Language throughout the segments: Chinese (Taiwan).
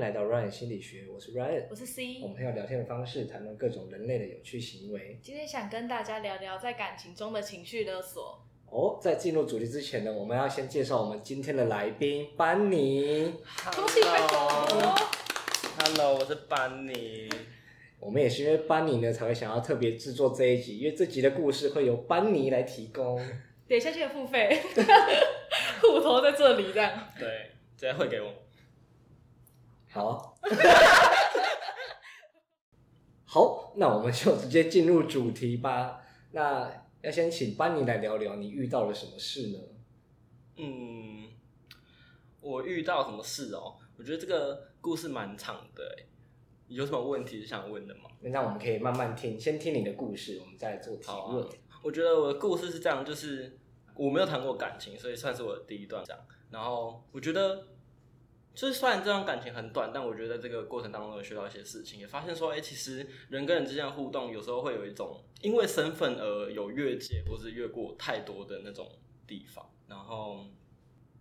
來到 Ryan 心理學，我是 Ryan，我是 C，我們很有聊天的方式談論各種人類的有趣行為。今天想跟大家聊聊在感情中的情緒勒索。哦，oh, 在進入主題之前呢，我們要先介紹我們今天的來賓班尼。歡迎歡迎，Hello，我是班尼。我們也是因為班尼呢，才會想要特別制作這一集，因為這集的故事會由班尼來提供。等下記得付費， 戶頭在這裡這，對，這樣對，直接匯給我。嗯好， 好，那我們就直接進入主題吧。那要先請班尼來聊聊，你遇到了什麼事呢？嗯，我遇到什麼事哦、喔？我覺得這個故事蠻長的、欸，有什麼問題是想問的嗎？那我們可以慢慢聽，先聽你的故事，我們再做討論、啊。我覺得我的故事是這樣，就是我沒有談過感情，所以算是我的第一段這樣。然後我覺得。就是雖然這段感情很短，但我覺得在這個過程當中有學到一些事情，也發現說，哎、欸，其實人跟人之間的互動有時候會有一種因為身份而有越界或是越過太多的那種地方。然後，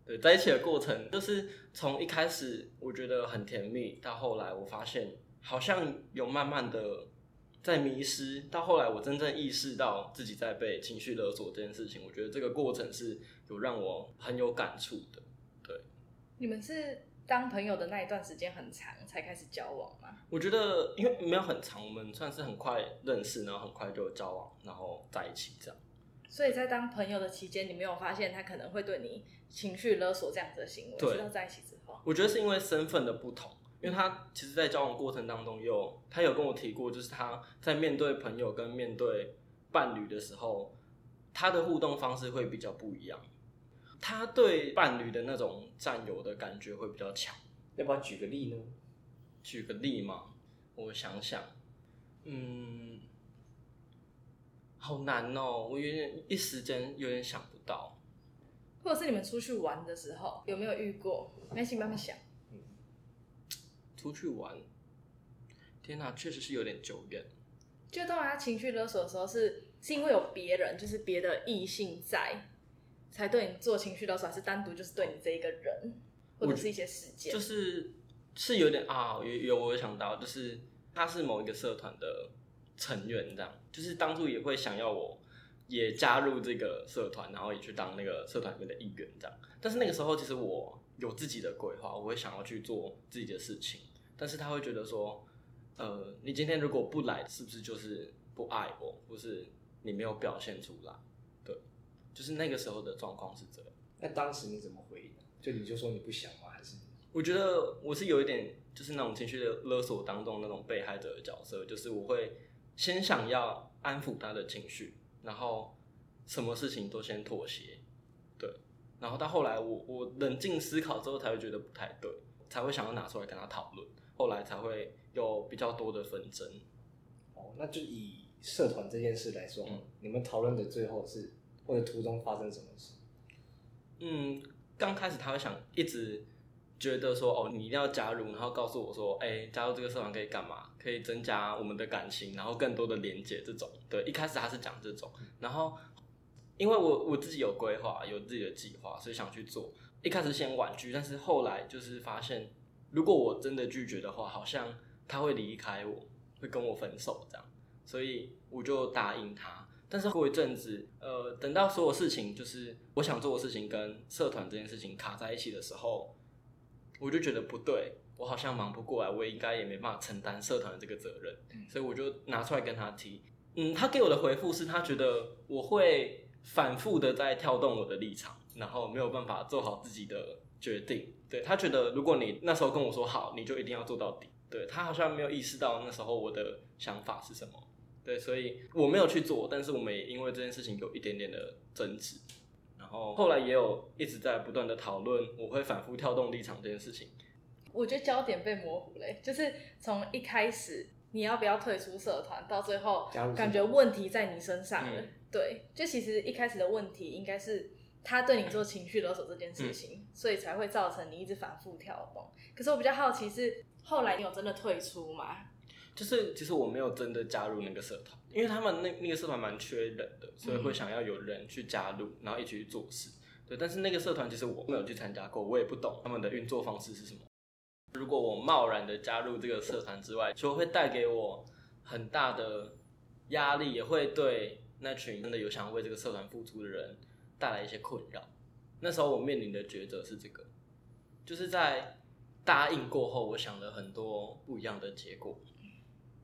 對，在一起的過程就是從一開始我覺得很甜蜜，到後來我發現好像有慢慢的在迷失，到後來我真正意識到自己在被情緒勒索這件事情，我覺得這個過程是有讓我很有感觸的。對，你們是。當朋友的那一段時間很長，才開始交往嗎？我覺得因為沒有很長，我們算是很快認識，然後很快就交往，然後在一起這樣。所以在當朋友的期間，你沒有發現他可能會對你情緒勒索這樣子的行為，直到對在一起之後？我覺得是因為身份的不同，因為他其實，在交往過程當中又，有他有跟我提過，就是他在面對朋友跟面對伴侶的時候，他的互動方式會比較不一樣。他對伴侶的那種占有的感覺會比較強。要不要舉個例呢？舉個例嘛，我想想，嗯，好難哦，我有點一時間有點想不到。或者是你們出去玩的時候有沒有遇過？沒事慢慢想、嗯。出去玩，天哪、啊，確實是有點久遠。就到他、啊、情緒勒索的時候是，是是因為有別人，就是別的異性在。才對你做情緒的時候，還是單獨就是對你這一個人，或者是一些事件？就是是有點啊，有有我有想到，就是他是某一個社團的成員，這樣，就是當初也會想要我也加入這個社團，然後也去當那個社團裡面的一員這樣。但是那個時候，其實我有自己的規劃，我會想要去做自己的事情。但是他會覺得說，呃，你今天如果不來，是不是就是不愛我，或是你沒有表現出來？就是那個時候的狀況是這樣、個。那當時你怎麼回應？就你就說你不想嗎？還是？我覺得我是有一點，就是那種情緒的勒索當中那種被害者的角色，就是我會先想要安撫他的情緒，然後什麼事情都先妥協，對。然後到後來我，我冷靜思考之後，才會覺得不太對，才會想要拿出來跟他討論。後來才會有比較多的紛爭。哦，那就以社團這件事來說，嗯、你們討論的最後是？或者途中發生什麼事？嗯，剛開始他會想一直覺得說，哦，你一定要加入，然後告訴我說，哎、欸，加入這個社團可以幹嘛？可以增加我們的感情，然後更多的連接這種。對，一開始他是講這種，然後因為我我自己有規劃，有自己的計劃，所以想去做。一開始先婉拒，但是後來就是發現，如果我真的拒絕的話，好像他會離開我，會跟我分手這樣，所以我就答應他。但是過一陣子，呃，等到所有事情就是我想做的事情跟社團這件事情卡在一起的時候，我就覺得不對，我好像忙不過來，我也應該也沒辦法承擔社團的這個責任，所以我就拿出來跟他提。嗯，他給我的回覆是他覺得我會反覆的在跳動我的立場，然後沒有辦法做好自己的決定。對，他覺得如果你那時候跟我說好，你就一定要做到底。對，他好像沒有意識到那時候我的想法是什麼。對，所以我沒有去做，但是我們也因為這件事情有一點點的爭執，然後後來也有一直在不斷的討論，我會反覆跳動立場這件事情。我覺得焦點被模糊了，就是從一開始你要不要退出社團，到最後感覺問題在你身上了。嗯、對，就其實一開始的問題應該是他對你做情緒勒索這件事情，嗯、所以才會造成你一直反覆跳動。可是我比較好奇是後來你有真的退出嗎？就是其實我沒有真的加入那個社團，因為他們那那個社團蠻缺人的，所以會想要有人去加入，然後一起去做事。對，但是那個社團其實我沒有去參加過，我也不懂他們的運作方式是什麼。如果我貿然的加入這個社團之外，就會帶給我很大的壓力，也會對那群真的有想為這個社團付出的人帶來一些困擾。那時候我面臨的抉擇是這個，就是在答應過後，我想了很多不一樣的結果。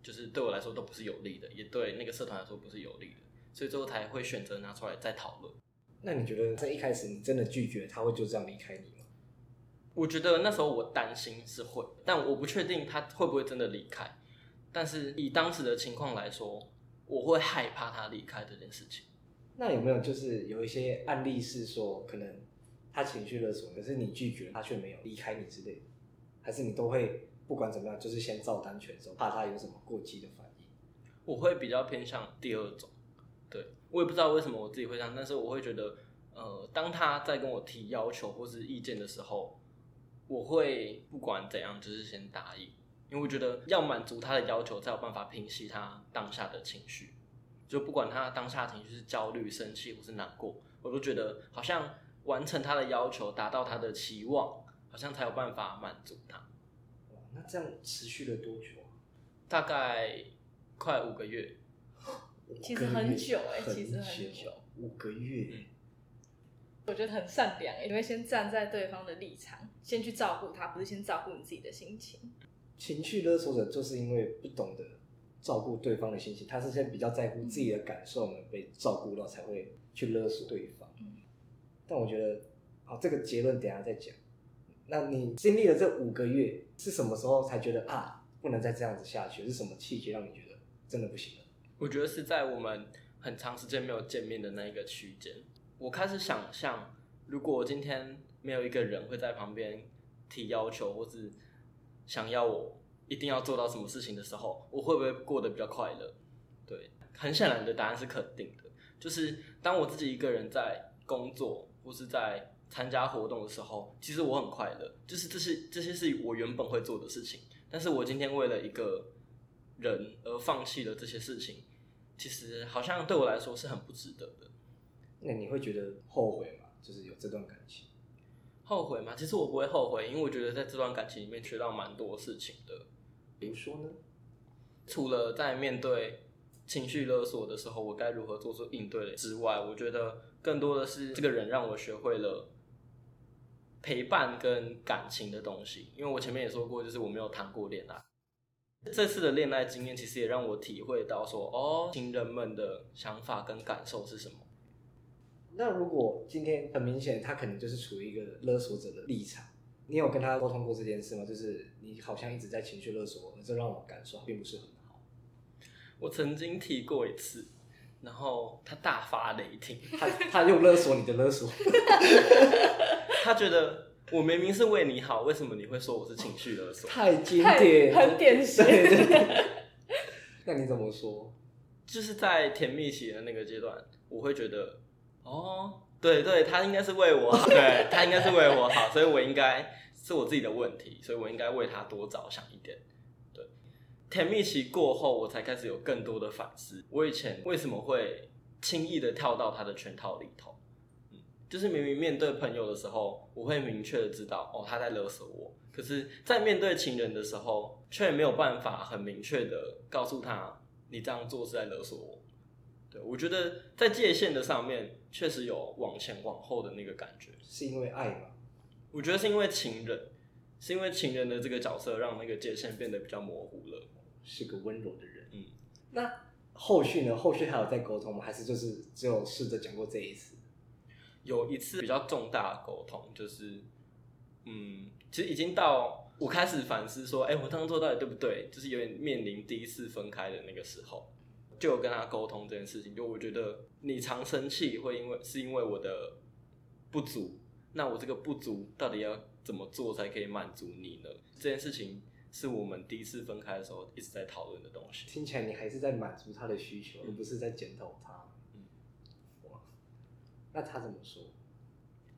就是對我來說都不是有利的，也對那個社團來說不是有利的，所以最後才會選擇拿出來再討論。那你覺得在一開始你真的拒絕，他會就這樣離開你嗎？我覺得那時候我擔心是會，但我不確定他會不會真的離開。但是以當時的情況來說，我會害怕他離開這件事情。那有沒有就是有一些案例是說，可能他情緒勒索，可是你拒絕他卻沒有離開你之類的，還是你都會？不管怎麼樣，就是先照單全收，怕他有什麼過激的反應。我會比較偏向第二種，對，我也不知道為什麼我自己會這樣，但是我會覺得，呃，當他在跟我提要求或是意見的時候，我會不管怎樣，就是先答應，因為我覺得要滿足他的要求，才有辦法平息他當下的情緒。就不管他當下的情緒是焦慮、生氣或是難過，我都覺得好像完成他的要求，達到他的期望，好像才有辦法滿足他。這樣持續了多久啊？大概快五個月。個月其實很久欸，其實很久，很久五個月，嗯。我覺得很善良欸，因為先站在對方的立場，先去照顧他，不是先照顧你自己的心情。情緒勒索者就是因為不懂得照顧對方的心情，他是先比較在乎自己的感受，我們，嗯，被照顧到才會去勒索對方。嗯，但我覺得，好，這個結論等下再講。那你經歷了這五個月，是什麼時候才覺得啊，不能再這樣子下去？是什麼契機讓你覺得真的不行了？我覺得是在我們很長時間沒有見面的那一個區間，我開始想象，如果今天沒有一個人會在旁邊提要求，或是想要我一定要做到什麼事情的時候，我會不會過得比較快樂？對，很顯然的答案是肯定的。就是當我自己一個人在工作，或是在。參加活動的時候，其實我很快樂，就是這些這些是我原本會做的事情。但是我今天為了一個人而放棄了這些事情，其實好像對我來說是很不值得的。那你會覺得後悔嗎？就是有這段感情，後悔嗎？其實我不會後悔，因為我覺得在這段感情裡面學到蠻多事情的。比如說呢，除了在面對情緒勒索的時候，我該如何做出應對之外，我覺得更多的是這個人讓我學會了。陪伴跟感情的東西，因為我前面也說過，就是我沒有談過戀愛。這次的戀愛經驗其實也讓我體會到說，說哦，情人們的想法跟感受是什麼。那如果今天很明顯，他可能就是處於一個勒索者的立場，你有跟他溝通過這件事嗎？就是你好像一直在情緒勒索我，這讓我感受並不是很好。我曾經提過一次。然後他大發雷霆，他他又勒索你的勒索。 他覺得，我明明是為你好，為什麼你會說我是情緒勒索？哦、太經典太，很典型。 那你怎麼說？就是在甜蜜期的那個階段，我會覺得，哦，對對，他應該是為我好，對，他應該是為我好， 所以我應該是我自己的問題，所以我應該為他多着想一點。甜蜜期過後，我才開始有更多的反思。我以前為什麼會輕易的跳到他的圈套裡頭？嗯，就是明明面對朋友的時候，我會明確的知道，哦，他在勒索我。可是，在面對情人的時候，卻沒有辦法很明確的告訴他，你這樣做是在勒索我。對，我覺得，在界限的上面，確實有往前往後的那個感覺。是因為愛嗎？我覺得是因為情人，是因為情人的這個角色，讓那個界限變得比較模糊了。是個溫柔的人，嗯，那後續呢？後續還有再溝通嗎？還是就是只有試着講過這一次？有一次比較重大的溝通，就是，嗯，其實已經到我開始反思說，哎，我剛做到底對不對？就是有點面臨第一次分開的那個時候，就有跟他溝通這件事情。就我覺得你常生氣，會因為是因為我的不足，那我這個不足到底要怎麼做才可以滿足你呢？這件事情。是我們第一次分開的時候一直在討論的東西。聽起來你還是在滿足他的需求，嗯、而不是在檢討他。嗯，那他怎麼說？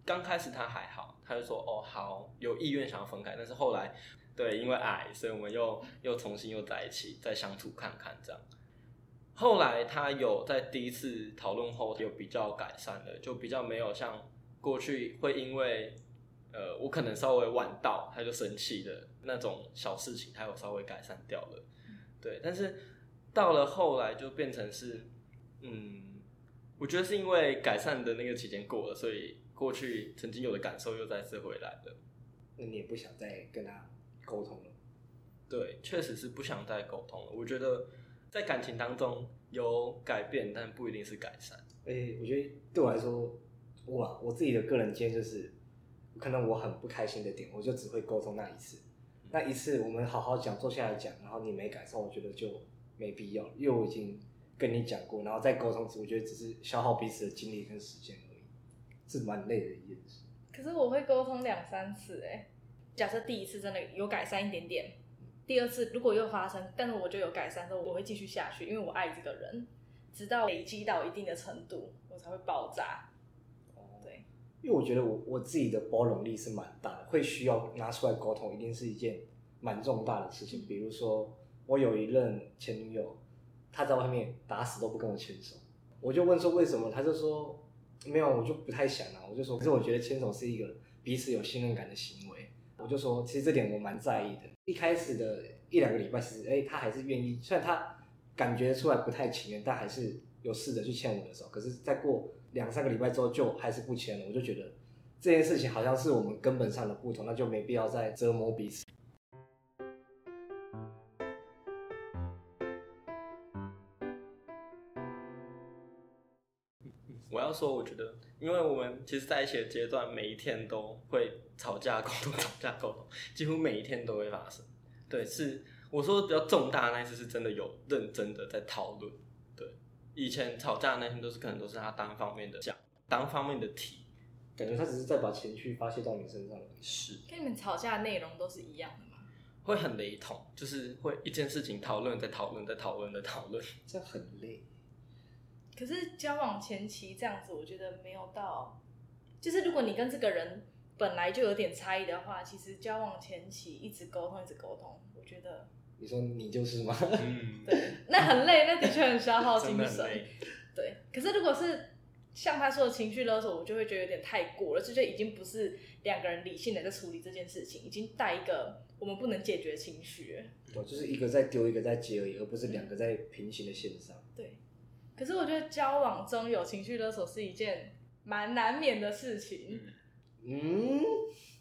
剛開始他還好，他就說哦好，有意願想要分開，但是後來，對，因為愛，所以我們又又重新又在一起，再相處看看這樣。後來他有在第一次討論後有比較改善了，就比較沒有像過去會因為。呃，我可能稍微晚到，他就生氣的那種小事情，他有稍微改善掉了，嗯、對。但是到了後來，就變成是，嗯，我覺得是因為改善的那個期間過了，所以過去曾經有的感受又再次回來了。那你也不想再跟他溝通了？對，確實是不想再溝通了。我覺得在感情當中有改變，但不一定是改善。誒、欸，我覺得對我來說，哇，我自己的個人經驗就是。可能我很不開心的點，我就只會溝通那一次。那一次我們好好講，坐下來講，然後你沒改善，我覺得就沒必要，因為我已經跟你講過，然後再溝通，我覺得只是消耗彼此的精力跟時間而已，是蠻累的一件事。可是我會溝通兩三次，欸、假設第一次真的有改善一點點，第二次如果又發生，但是我就有改善的時候，我會繼續下去，因為我愛這個人，直到累積到一定的程度，我才會爆炸。因為我覺得我我自己的包容力是蠻大的，會需要拿出來溝通，一定是一件蠻重大的事情。比如說，我有一任前女友，她在外面打死都不跟我牽手，我就問說為什麼，她就說沒有，我就不太想啊。我就說，可是我覺得牽手是一個彼此有信任感的行為。我就說，其實這點我蠻在意的。一開始的一兩個禮拜是，時、欸，其實哎，她還是願意，雖然她感覺出來不太情願，但還是。有試着去牽我的手，可是再過兩三個禮拜之後，就還是不牽了。我就覺得這件事情好像是我們根本上的不同，那就沒必要再折磨彼此。我要說，我覺得，因為我們其實在一起的階段，每一天都會吵架溝通、吵架溝通，幾乎每一天都會發生。對，是我說比較重大的那一次，是真的有認真的在討論。以前吵架的那天都是可能都是他單方面的講，單方面的提，感覺他只是在把情緒發洩到你身上而已。是，跟你們吵架的內容都是一樣的嗎？會很雷同，就是會一件事情討論、再討論、再討論、再討論，這很累。可是交往前期這樣子，我覺得沒有到，就是如果你跟這個人本來就有點差異的話，其實交往前期一直溝通、一直溝通，我覺得。你說你就是嗎？嗯、 對，那很累，那的確很消耗精神。 真的累。對，可是如果是像他說的情緒勒索，我就會覺得有點太過了，這就已經不是兩個人理性的在處理這件事情，已經帶一個我們不能解決的情緒。對，就是一個在丟，一個在接而已，而不是兩個在平行的線上。對。可是我覺得交往中有情緒勒索是一件蠻難免的事情。嗯。嗯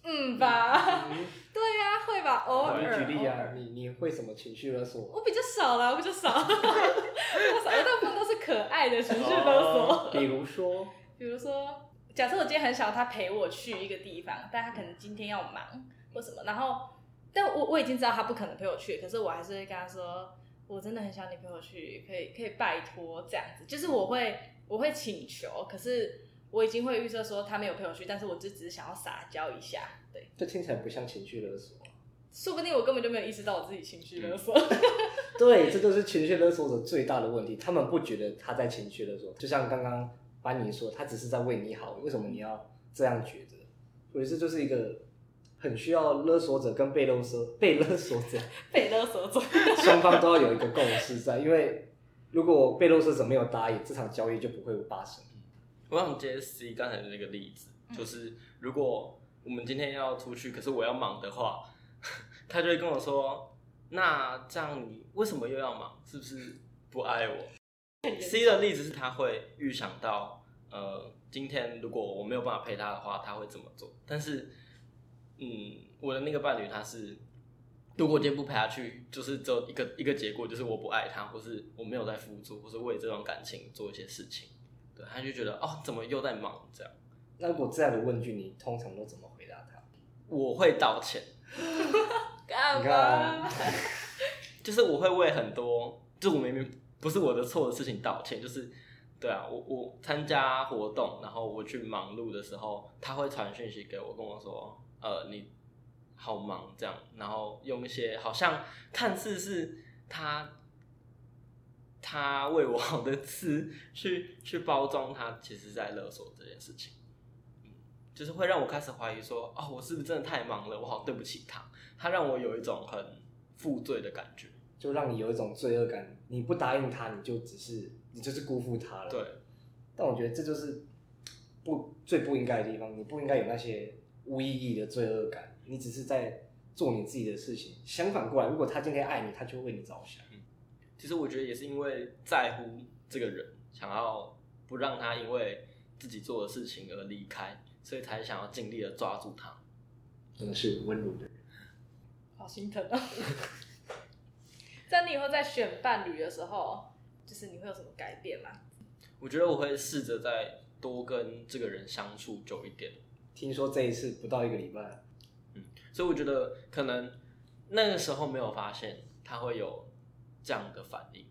嗯吧，嗯對呀、啊，會吧，偶爾。我給你舉例啊，哦、你你會什麼情緒勒索？我比較少啦，我比較少， 我大部分都是可愛的情緒勒索。哦、比如說，比如說，假設我今天很想他陪我去一個地方，但他可能今天要忙或什麼，然後，但我我已經知道他不可能陪我去，可是我還是會跟他說，我真的很想你陪我去，可以可以拜託這樣子，就是我會我會請求，可是。我已經會預設說他沒有陪我去，但是我只只是想要撒嬌一下。對，這聽起來不像情緒勒索啊。說不定我根本就沒有意識到我自己情緒勒索。 對，這就是情緒勒索者最大的問題。他們不覺得他在情緒勒索。就像剛剛班尼說，他只是在為你好，為什麼你要這樣覺得？所以這就是一個很需要勒索者跟被勒索者。被勒索者 被勒索者 雙方都要有一個共識在，因為如果被勒索者沒有答應，這場交易就不會發生。我想接 C 剛才的那個例子，就是如果我們今天要出去，可是我要忙的話，呵呵，他就會跟我說：“那這樣你為什麼又要忙？是不是不愛我？”嗯。C 的例子是他會預想到，呃，今天如果我沒有辦法陪他的話，他會怎麼做？但是，嗯，我的那個伴侶他是，如果今天不陪他去，就是只有一個一個結果，就是我不愛他，或是我沒有在付出，或是為這段感情做一些事情。對，他就覺得哦，怎麼又在忙這樣？那如果這樣的問句，你通常都怎麼回答他？我會道歉， 幹嘛？ 就是我會為很多，就是我明明不是我的錯的事情道歉。就是，對啊，我我參加活動，然後我去忙碌的時候，他會傳訊息給我，跟我說，呃，你好忙這樣，然後用一些好像看似是他。他為我好的詞去去包裝他，他其實在勒索這件事情，嗯，就是會讓我開始懷疑說，哦，我是不是真的太忙了？我好對不起他，他讓我有一種很負罪的感覺，就讓你有一種罪惡感。你不答應他，你就只是你就是辜負他了。對。但我覺得這就是不，最不應該的地方，你不應該有那些無意義的罪惡感，你只是在做你自己的事情。相反過來，如果他今天愛你，他就為你着想。其實我覺得也是因為在乎這個人，想要不讓他因為自己做的事情而離開，所以才想要盡力的抓住他。真的是溫柔的人，好心疼啊！在你以後在選伴侶的時候，就是你會有什麼改變嗎？我覺得我會試着再多跟這個人相處久一點。聽說這一次不到一個禮拜，嗯，所以我覺得可能那個時候沒有發現他會有。這樣的反應，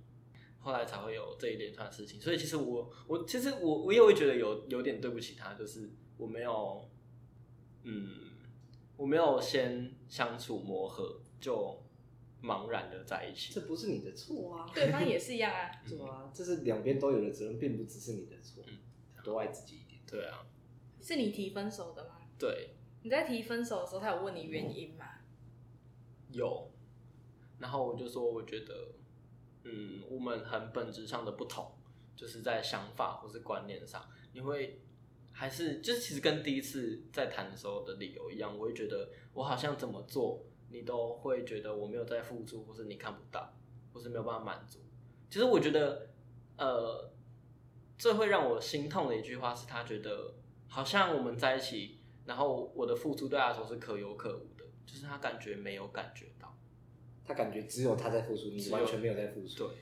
後來才會有這一連串事情。所以其實我我其實我我也會覺得有有點對不起他，就是我沒有，嗯，我沒有先相處磨合，就茫然的在一起。這不是你的錯啊， 對方也是一樣、 嗯、啊，錯啊，這是兩邊都有的責任，嗯、並不只是你的錯。嗯、多愛自己一點。對啊，是你提分手的嗎？對，你在提分手的時候，他有問你原因嗎？嗯、有，然後我就說，我覺得。嗯，我們很本質上的不同，就是在想法或是觀念上，你會還是就是其實跟第一次在談的時候的理由一樣，我會覺得我好像怎麼做，你都會覺得我沒有在付出，或是你看不到，或是沒有辦法滿足。其實我覺得，呃，最會讓我心痛的一句話是他覺得好像我們在一起，然後我的付出對他來說是可有可無的，就是他感覺沒有感覺到。他感覺只有他在付出，你有完全沒有在付出。對，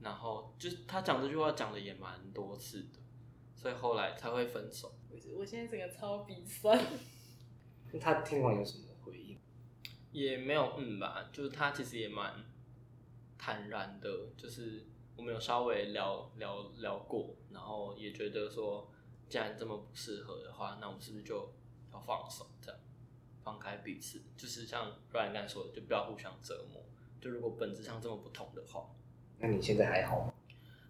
然後就他講這句話講的也蠻多次的，所以後來才會分手。我現在整個超鼻酸。他聽完有什麼回應？也沒有，嗯吧，就是他其實也蠻坦然的，就是我們有稍微聊聊聊過，然後也覺得說，既然這麼不適合的話，那我們是不是就要放手這樣？放開彼此，就是像 Ryan 剛才說的，就不要互相折磨。就如果本質上這麼不同的話，那你現在還好嗎？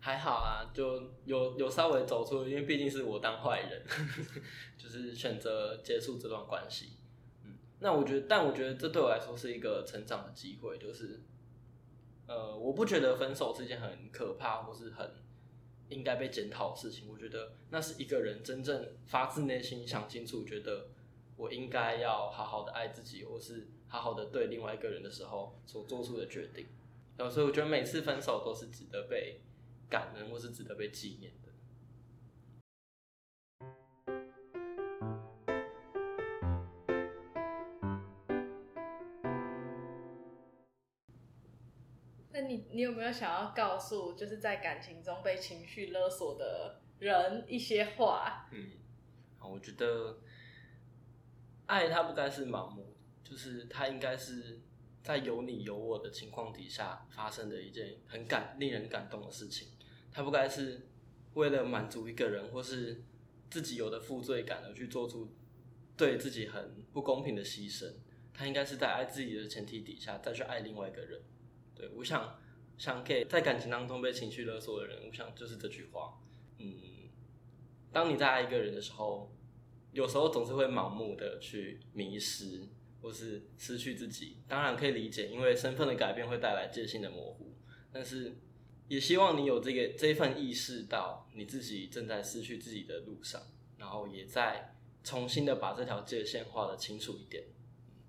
還好啊，就有有稍微走出，因為畢竟是我當壞人，嗯、 就是選擇結束這段關係。嗯，那我覺得，但我覺得這對我來說是一個成長的機會。就是，呃，我不覺得分手是一件很可怕或是很應該被檢討的事情。我覺得那是一個人真正發自內心想清楚，嗯、覺得。我應該要好好的愛自己，或是好好的對另外一個人的時候所做出的決定。有時候我覺得每次分手都是值得被感恩，或是值得被紀念的。那你你有沒有想要告訴，就是在感情中被情緒勒索的人一些話？嗯，我覺得。愛它，不該是盲目，就是它應該是在有你有我的情況底下發生的一件很感令人感動的事情。它不該是為了滿足一個人或是自己有的負罪感而去做出對自己很不公平的犧牲。它應該是在愛自己的前提底下再去愛另外一個人。對，我想想給在感情當中被情緒勒索的人，我想就是這句話。嗯，當你在愛一個人的時候，有時候總是會盲目的去迷失，或是失去自己。當然可以理解，因為身份的改變會帶來界限的模糊。但是也希望你有這個這一份意識到你自己正在失去自己的路上，然後也再重新的把這條界限畫得清楚一點。嗯，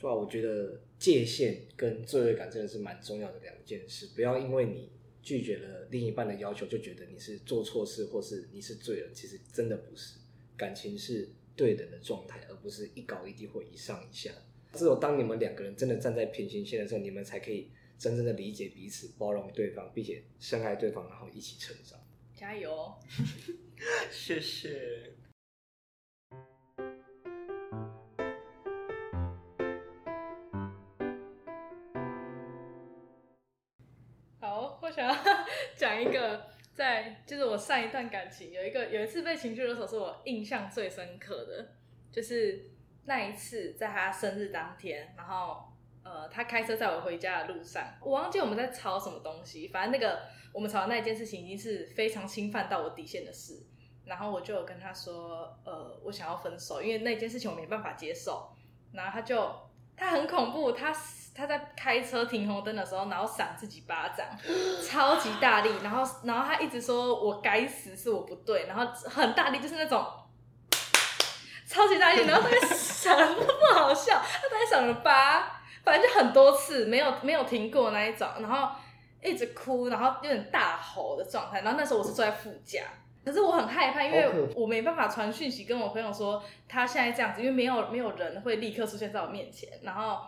對啊，我覺得界限跟罪惡感真的是蠻重要的兩件事。不要因為你拒絕了另一半的要求，就覺得你是做錯事或是你是罪人。其實真的不是。感情是對等的狀態，而不是一高一低或一上一下。只有當你們兩個人真的站在平行線的時候，你們才可以真正的理解彼此、包容對方，並且深愛對方，然後一起成長。加油！ 謝謝。好，我想要講一個。在，就是我上一段感情有一個有一次被情緒勒索，是我印象最深刻的。就是那一次在他生日當天，然後呃，他開車載我回家的路上，我忘記我們在吵什麼東西，反正那個我們吵的那一件事情已經是非常侵犯到我底線的事，然後我就有跟他說，呃，我想要分手，因為那件事情我沒辦法接受，然後他就，他很恐怖，他。他在開車停紅燈的時候，然後扇自己巴掌，超級大力，然後然後他一直說我該死是我不對，然後很大力就是那種 超級大力，然後扇都不好笑，他在扇了巴，反正就很多次，沒有沒有停過那一種，然後一直哭，然後有點大吼的狀態，然後那時候我是坐在副駕，可是我很害怕，因為我沒辦法傳訊息跟我朋友說他現在這樣子，因為沒有沒有人會立刻出現在我面前，然後。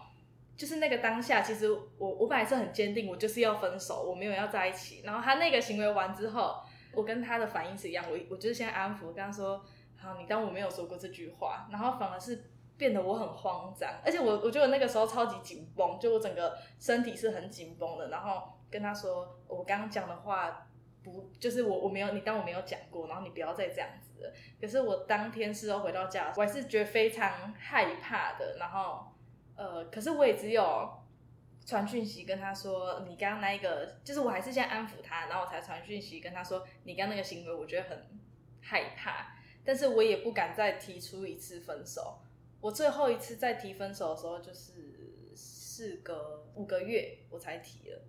就是那個當下，其實我我本來是很堅定，我就是要分手，我沒有要在一起。然後他那個行為完之後，我跟他的反應是一樣，我我就是先安撫，跟他說：“好，你當我沒有說過這句話。”然後反而是變得我很慌張，而且我我覺得那個時候超級緊繃，就我整個身體是很緊繃的。然後跟他說：“我剛剛講的話不就是我我沒有你當我沒有講過，然後你不要再這樣子。”可是我當天是回到家，我還是覺得非常害怕的。然後。呃，可是我也只有傳訊息跟他說，你剛剛那一個，就是我還是先安撫他，然後我才傳訊息跟他說，你剛剛那個行為我覺得很害怕，但是我也不敢再提出一次分手。我最後一次再提分手的時候，就是四個五個月我才提了。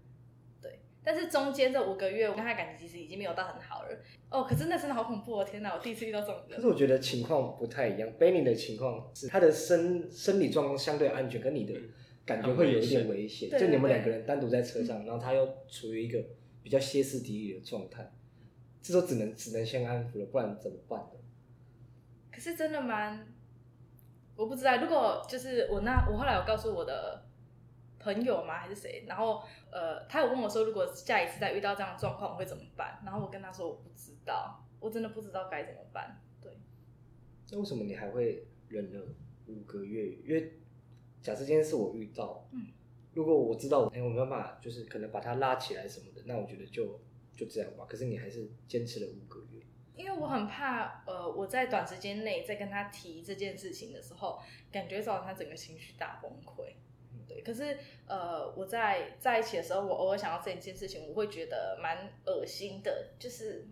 但是中間這五個月，我跟他感情其實已經沒有到很好了。哦，可是那真的好恐怖哦！天哪，我第一次遇到這種。可是我覺得情況不太一樣。班尼的情況是他的身生理狀況相對安全，跟你的感覺會有一點危險。啊、是，就你們兩個人單獨在車上，對對對，然後他又處於一個比較歇斯底里的狀態，嗯、這時候只能只能先安撫了，不然怎麼辦呢？可是真的嗎？我不知道。如果就是我，那我後來有告訴我的。朋友嗎？還是誰？然後，呃，他有問我說，如果下一次再遇到這樣的狀況，我會怎麼辦？然後我跟他說，我不知道，我真的不知道該怎麼辦。對。那為什麼你還會忍了五個月？因為假設今天是我遇到，嗯，如果我知道、欸、我沒有辦法，就是可能把他拉起來什麼的，那我覺得就就這樣吧。可是你還是堅持了五個月，因為我很怕，呃，我在短時間內在跟他提這件事情的時候，感覺造成他整個情緒大崩潰。可是，呃，我在在一起的時候，我偶爾想到這一件事情，我會覺得蠻噁心的，就是，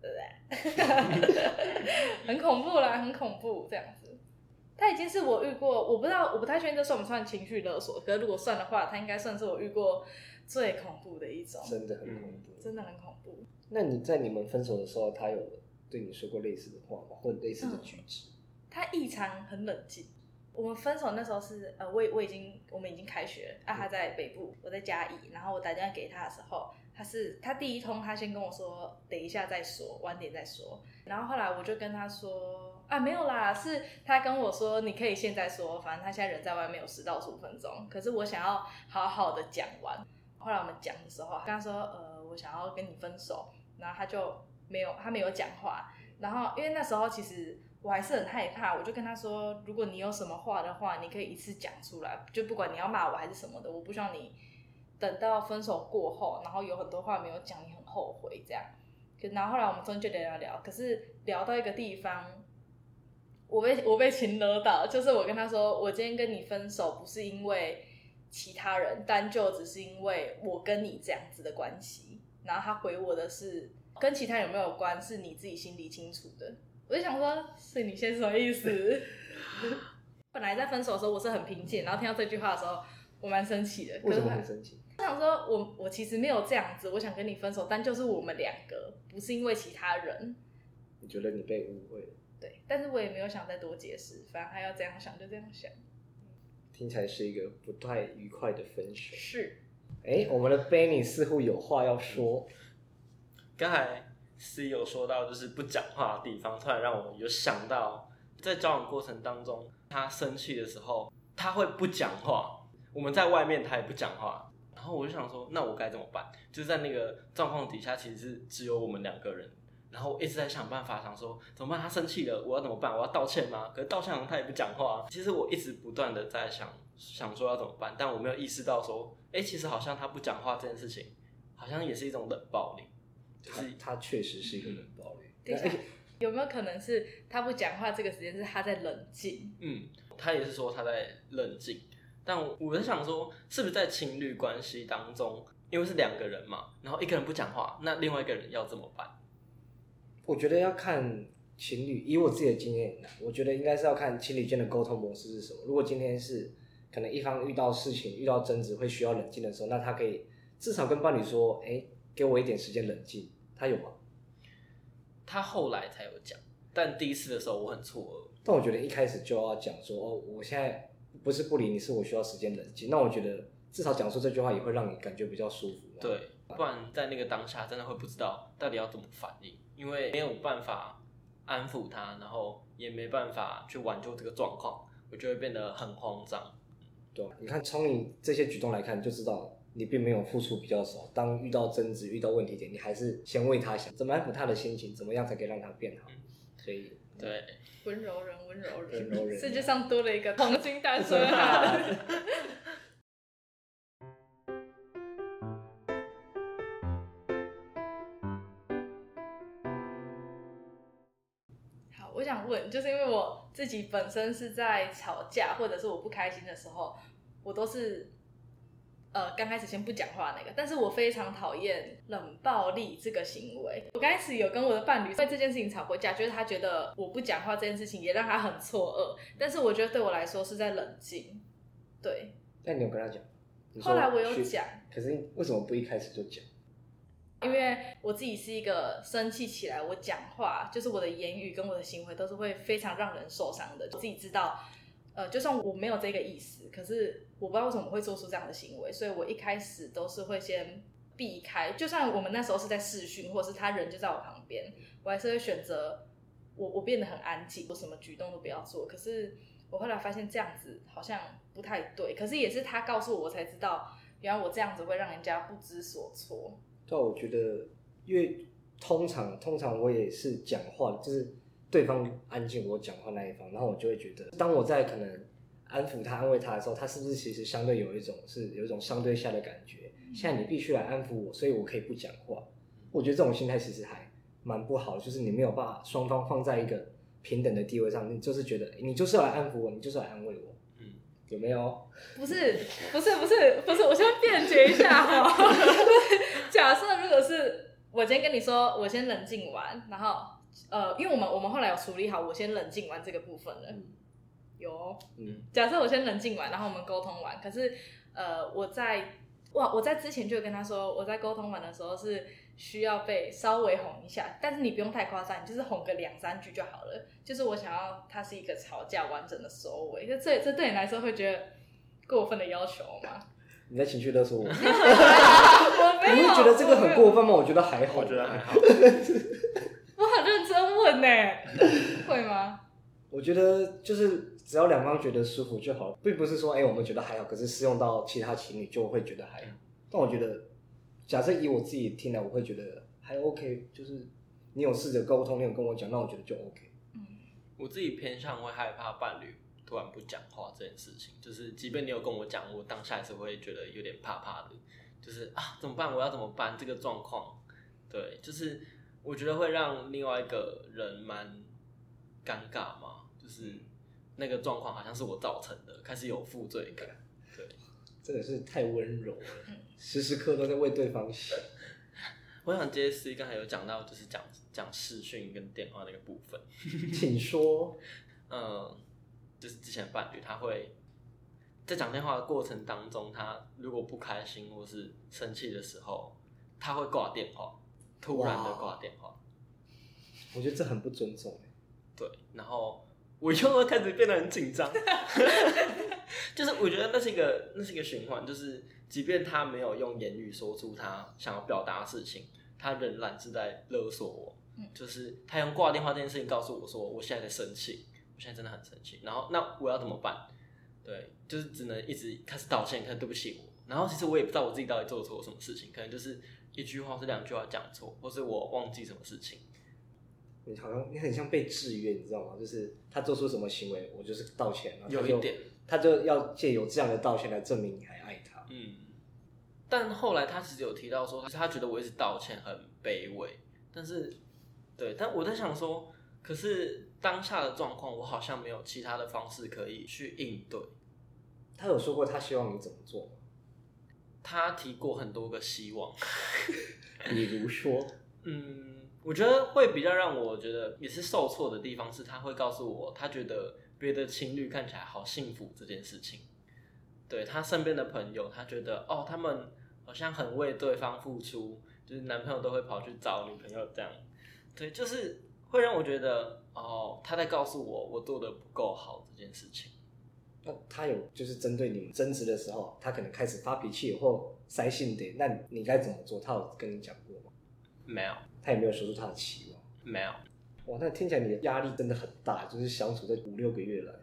對不對？ 很恐怖啦，很恐怖，這樣子。他已經是我遇過，我不知道，我不太確定這算不算情緒勒索。可是如果算的話，他應該算是我遇過最恐怖的一種，真的很恐怖，嗯，真的很恐怖。那你在你們分手的時候，他有對你說過類似的話嗎？或者類似的舉止，嗯？他異常很冷靜。我們分手那時候是，呃，我已我已經我們已經開學啊，他在北部，我在嘉義，然後我打電話給他的時候，他是他第一通，他先跟我說等一下再說，晚點再說，然後後來我就跟他說啊，沒有啦，是他跟我說你可以現在說，反正他現在人在外面有十到十五分鐘，可是我想要好好的講完。後來我們講的時候，跟他說，呃，我想要跟你分手，然後他就沒有他沒有講話。然後，因為那時候其實我還是很害怕，我就跟他說：“如果你有什麼話的話，你可以一次講出來，就不管你要罵我還是什麼的，我不希望你等到分手過後，然後有很多話沒有講，你很後悔這樣。”可然後後來我們中間就聊聊聊，可是聊到一個地方，我被我被情勒到，就是我跟他說：“我今天跟你分手不是因為其他人，單就只是因為我跟你這樣子的關係。”然後他回我的是。跟其他有沒有關，是你自己心裡清楚的。我就想說，是你先什麼意思。 本來在分手的時候我是很平靜，然後聽到這句話的時候，我蠻生氣的。為什麼很生氣？我想說我，我我其實沒有這樣子，我想跟你分手，但就是我們兩個，不是因為其他人。你覺得你被誤會了？對，但是我也沒有想再多解釋，反正他要這樣想，就這樣想。聽起來是一個不太愉快的分手。是。哎、欸，對我們的 Benny 似乎有話要說。嗯剛才 C 有說到，就是不講話的地方，突然讓我有想到，在交往過程當中，他生氣的時候，他會不講話。我們在外面，他也不講話。然後我就想說，那我該怎麼辦？就是在那個狀況底下，其實是只有我們兩個人。然後我一直在想辦法，想說怎麼辦？他生氣了，我要怎麼辦？我要道歉嗎？可是道歉他也不講話。其實我一直不斷的在想想說要怎麼辦，但我沒有意識到說，哎，其實好像他不講話這件事情，好像也是一種冷暴力。是他確實是一個冷暴力。對、嗯但，有沒有可能是他不講話？這個時間是他在冷靜。嗯，他也是說他在冷靜。但我我很想說，是不是在情侶關係當中，因為是兩個人嘛，然後一個人不講話，那另外一個人要怎麼辦？我覺得要看情侶。以我自己的經驗，我覺得應該是要看情侶間的溝通模式是什麼。如果今天是可能一方遇到事情、遇到爭執會需要冷靜的時候，那他可以至少跟伴侶說：“哎、欸，給我一點時間冷靜。”他有嗎？他後來才有講，但第一次的時候我很錯愕。但我覺得一開始就要講說：“哦，我現在不是不理你，是我需要時間冷靜。”那我覺得至少講出這句話也會讓你感覺比較舒服。對，不然在那個當下真的會不知道到底要怎麼反應，因為沒有辦法安撫他，然後也沒辦法去挽救這個狀況，我就會變得很慌張。對，你看從你這些舉動來看就知道了。你並沒有付出比較少。當遇到爭執、遇到問題點，你還是先為他想，怎麼安撫他的心情，怎麼樣才可以讓他變好？可以對溫柔人，溫柔人，溫柔人，世界上多了一個黃金單身漢。好，我想問，就是因為我自己本身是在吵架，或者是我不開心的時候，我都是。呃，剛開始先不講話那個，但是我非常討厭冷暴力這個行為。我剛開始有跟我的伴侶為這件事情吵過架，就是他覺得我不講話這件事情也讓他很錯愕。但是我覺得對我來說是在冷靜，對。但你有，有跟他講？後來我有講。可是為什麼不一開始就講？因為我自己是一個生氣起來我，我講話就是我的言語跟我的行為都是會非常讓人受傷的，我自己知道。呃，就算我沒有這個意思，可是我不知道為什麼會做出這樣的行為，所以我一開始都是會先避開。就算我們那時候是在視訊，或者是他人就在我旁邊，我還是會選擇我我變得很安靜，我什麼舉動都不要做。可是我後來發現這樣子好像不太對，可是也是他告訴我，我才知道，原來我這樣子會讓人家不知所措。但我覺得，因為通常通常我也是講話，就是。對方安靜，我講話那一方，然後我就會覺得，當我在可能安撫他、安慰他的時候，他是不是其實相對有一種是有一種相對下的感覺？現在你必須來安撫我，所以我可以不講話。我覺得這種心態其實還蠻不好，就是你沒有把雙方放在一個平等的地位上，你就是覺得你就是要來安撫我，你就是要來安慰我，嗯，有沒有？不是，不是，不是，不是，我先辯解一下哈。 假設如果是我先跟你說，我先冷靜完，然後。呃，因為我們我們後來有處理好，我先冷靜完這個部分了。有，嗯，哦、嗯，假設我先冷靜完，然後我們溝通完，可是呃，我在哇，我在之前就有跟他說，我在溝通完的時候是需要被稍微哄一下，但是你不用太誇張，你就是哄個兩三句就好了。就是我想要它是一個吵架完整的收尾，這這對你來說會覺得過分的要求嗎？你在情緒勒索我？ 我沒有。你會覺得這個很過分嗎？我覺得還好，我覺得還好。 困 會嗎？我覺得就是只要兩方覺得舒服就好，並不是說哎、欸，我們覺得還好，可是適用到其他情侶就會覺得還好。嗯、但我覺得，假設以我自己聽來，我會覺得還 OK，就是你有試着溝通，你有跟我講，那我覺得就 OK。我自己偏向會害怕伴侶突然不講話這件事情，就是即便你有跟我講，我當下也是會覺得有點怕怕的，就是啊，怎麼辦？我要怎麼辦？這個狀況，對，就是。我覺得會讓另外一個人蠻尷尬嘛，就是那個狀況好像是我造成的，開始有負罪感。對，真的是太溫柔了， 時時刻刻都在為對方想。我想 JSC 剛才有講到，就是講講視訊跟電話那個部分，請說， 嗯，就是之前伴侶他會，在講電話的過程當中，他如果不開心或是生氣的時候，他會掛電話。突然的掛電話，wow, 我覺得這很不尊重，欸。對，然後我又開始變得很緊張，就是我覺得那是一個那是一個循環，就是即便他沒有用言語說出他想要表達事情，他仍然是在勒索我。就是他用掛電話這件事情告訴我說，我現在在生氣，我現在真的很生氣。然後那我要怎麼辦？對，就是只能一直開始道歉，開始對不起我。然後其實我也不知道我自己到底做錯什麼事情，可能就是。一句話是兩句話講錯，或是我忘記什麼事情。你好像你很像被制約，你知道嗎？就是他做出什麼行為，我就是道歉，有一點，他就要借由這樣的道歉來證明你還愛他。嗯。但後來他其實有提到說，就是、他覺得我一直道歉很卑微。但是，對，但我在想說，可是當下的狀況，我好像沒有其他的方式可以去應對。他有說過他希望你怎麼做？他提過很多個希望， 比如說， 嗯，我覺得會比較讓我覺得也是受挫的地方是，他會告訴我，他覺得別的情侶看起來好幸福這件事情對，對他身邊的朋友，他覺得哦，他們好像很為對方付出，就是男朋友都會跑去找女朋友這樣，對，就是會讓我覺得哦，他在告訴我我做的不夠好這件事情。那他有就是針對你們爭執的時候，他可能開始發脾氣或耍性子，那你該怎麼做？他有跟你講過嗎？沒有，他也沒有說出他的期望。沒有，哇，那聽起來你的壓力真的很大，就是相處在五六個月來。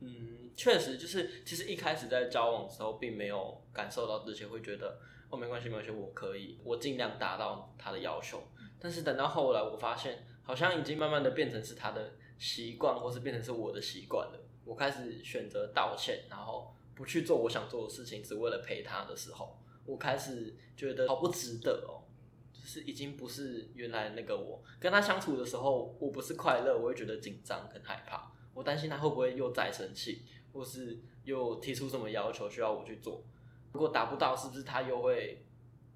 嗯，確實，就是其實一開始在交往的時候，並沒有感受到這些，會覺得哦，沒關係，沒關係，我可以，我盡量達到他的要求。嗯。但是等到後來，我發現好像已經慢慢的變成是他的習慣，或是變成是我的習慣了。我開始選擇道歉，然後不去做我想做的事情，只為了陪他的時候，我開始覺得好不值得哦，就是已經不是原來那個我。跟他相處的時候，我不是快樂，我會覺得緊張很害怕，我擔心他會不會又再生氣，或是又提出什麼要求需要我去做，如果達不到，是不是他又會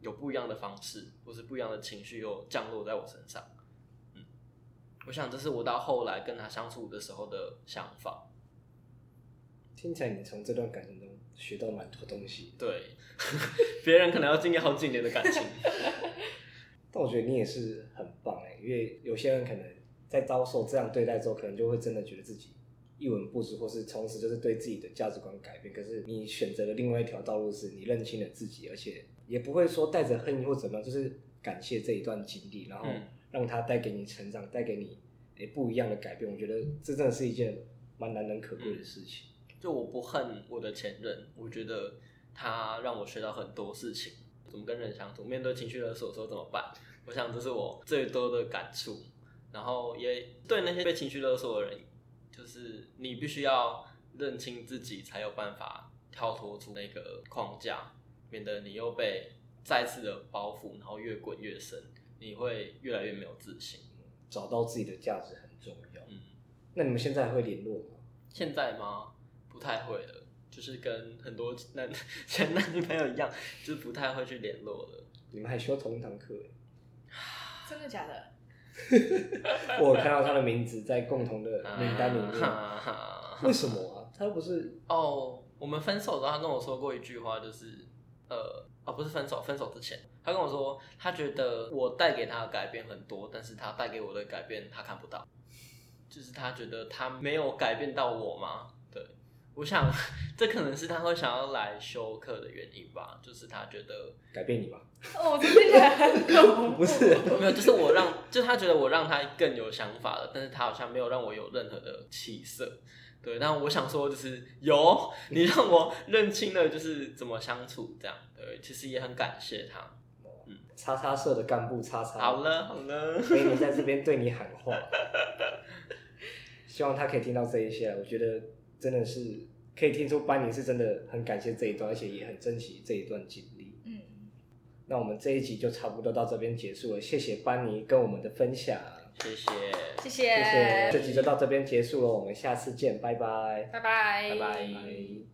有不一樣的方式，或是不一樣的情緒又降落在我身上？嗯，我想這是我到後來跟他相處的時候的想法。聽起來你從這段感情中學到蠻多東西。對， 別人可能要經歷好幾年的感情， 但我覺得你也是很棒。欸、因為有些人可能在遭受這樣對待之後，可能就會真的覺得自己一文不值，或是從此就是對自己的價值觀改變。可是你選擇了另外一條道路，是你認清了自己，而且也不會說帶着恨意或怎麼樣，就是感謝這一段經歷，然後讓它帶給你成長，帶給你，欸、不一樣的改變。我覺得這真的是一件蠻難能可貴的事情。就我不恨我的前任，我覺得他讓我學到很多事情，怎麼跟人相處，面對情緒勒索的時候怎麼辦？我想這是我最多的感觸。然後也對那些被情緒勒索的人，就是你必須要認清自己，才有辦法跳脫出那個框架，免得你又被再次的包袱，然後越滾越深，你會越來越沒有自信。嗯，找到自己的價值很重要。嗯，那你們現在還會聯絡嗎？現在嗎？不太會了，就是跟很多男前男朋友一樣，就是不太會去聯絡了。你們還需要同一堂課？欸？ 真的假的？ 我看到他的名字在共同的名單裡面。啊啊啊，為什麼啊？他又不是哦。Oh, 我們分手的時候，他跟我說過一句話，就是呃、哦，不是分手，分手之前，他跟我說，他覺得我帶給他的改變很多，但是他帶給我的改變他看不到，就是他覺得他沒有改變到我嗎？對。我想，這可能是他會想要來休課的原因吧，就是他覺得改變你吧，哦，是這聽起來不是 沒有，就是我讓，就是他覺得我讓他更有想法了，但是他好像沒有讓我有任何的起色，對，但我想說就是有，你讓我認清了就是怎麼相處這樣，對，其實也很感謝他，嗯，叉叉社的幹部叉叉，好了好了，所以你在這邊對你喊話， 希望他可以聽到這一些，我覺得。真的是可以聽出班尼是真的很感謝這一段，而且也很珍惜這一段經歷。嗯，那我們這一集就差不多到這邊結束了，謝謝班尼跟我們的分享，謝謝，謝謝，謝謝，這集就到這邊結束了，我們下次見，拜拜，拜拜，拜拜。拜拜。